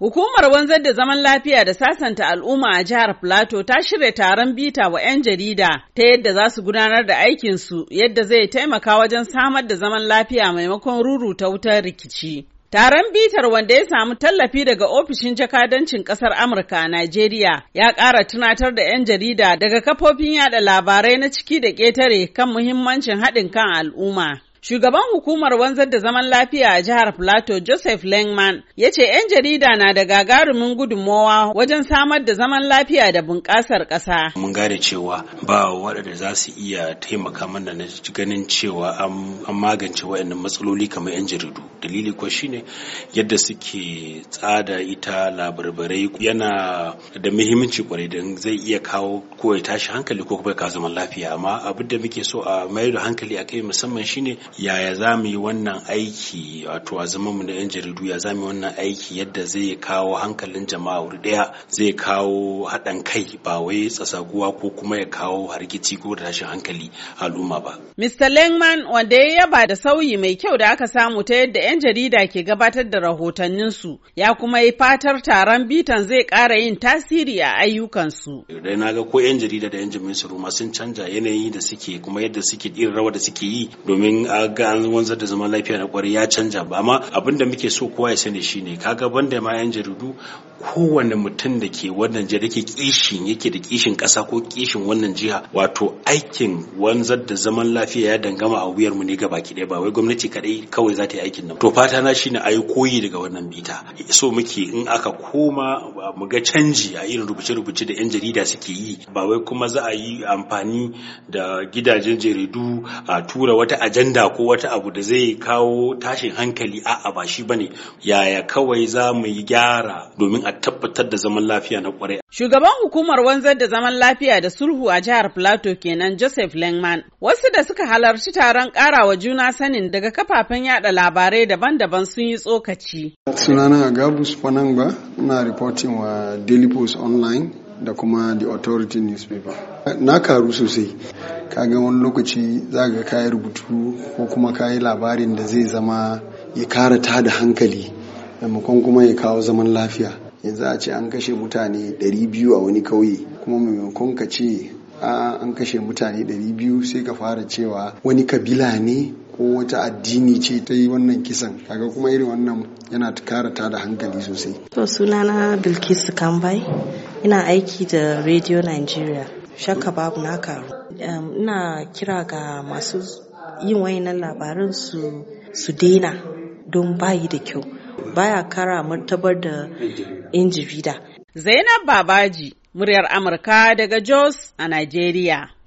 Hukumar wanzar da zaman lafiya da sasanta al'umma a jihar Plateau ta shirya taron bita wa 'yan jarida ta yadda za su gudanar da aikinsu yadda zai taimaka wajen samar da zaman lafiya maimakon ruru ta wutar rikici. Taron bitar wanda ya samu tallafi daga ofishin jakadancin kasar Amurka a Najeriya ya ƙara tunatar da 'yan jarida daga kafofin yada labarai na ciki da ƙetare kan muhimmancin haɗin kan al'umma. Shugaban hukumar wanzar da zaman lafiya a jihar Plateau Joseph Langman ya ce 'yan jarida na da gagarumin gudunmowa wajen samar da zaman lafiya da bunƙasar ƙasa. Mun gane cewa ba waɗanda za su iya taimaka mana na ganin cewa an magance waɗannan matsaloli kamar 'yan jaridu. Dalili kuwa shine yadda suke tsada ita labarbarai yana da muhimmanci kwarai don zai iya kawo ko ya tashi hankali ko kuma ya zaman lafiya amma abin da muke so a mayar da hankali a kai musamman shine yaya za mu yi wannan aiki wato a zaman mu na yan jaridu ya za mu yi wannan aiki yadda zai kawo hankalin jama'a wuri daya zai kawo haɗan kai ba wai tsasaguwa ko kuma ya kawo hargitsi ko rashin hankali al'umma ba. Mr. Lengman wanda ya yaba da sauyi mai kyau da aka samu ta yadda 'yan jarida ke gabatar da rahotanninsu ya kuma yi fatar taron bitan zai ƙara yin tasiri a ayyukansu. Dai na ga ko 'yan jarida da 'yan jami'in su sun canja yanayi da suke kuma yadda suke irin rawa da suke yi domin a ga an wanzar da zaman lafiya na kwarai ya canja ba amma abin da muke so kowa ya sani shine kaga banda ma yan jaridu kowane mutum da ke wannan jiha yake kishin yake da kishin kasa ko kishin wannan jiha wato aikin wanzar da zaman lafiya ya dangama a wuyar mu ne gaba baki ba wai gwamnati kadai kawai za ta yi aikin nan to fata na shi ne ayi koyi daga wannan bita so muke in aka koma mu ga canji a irin rubuce-rubuce da yan jarida suke yi ba wai kuma za a yi amfani da gidajen jaridu a tura wata ajanda ko wata abu da zai kawo tashin hankali a'a ba shi bane yaya kawai za mu yi gyara domin a tabbatar da zaman lafiya na kwarai shugaban hukumar wanzar da zaman lafiya da sulhu a jihar plateau kenan joseph lengman wasu da suka halarci taron wa juna sanin daga kafafen yada labarai daban-daban sun yi tsokaci sunana gabus fanangba na reporting wa daily post online da kuma the authority newspaper na karu sosai Ka ga wani lokaci za ga kayi rubutu ko kuma kayi labarin da zai zama ya kara ta da hankali maimakon kuma ya kawo zaman lafiya yanzu a ce an kashe mutane 200 a wani kauye kuma maimakon ka ce an kashe mutane 200 sai ka fara cewa wani kabila ne ko wata addini ce ta yi wannan kisan kaga kuma irin wannan yana kara da hankali sosai to sunana bilkisu kambai ina aiki da radio nigeria shakka babu na karu ina kira ga masu yin wayannan labaran su su daina don bayi da kyau baya kara martabar da injibida zainab babaji muryar amurka daga jos a nigeria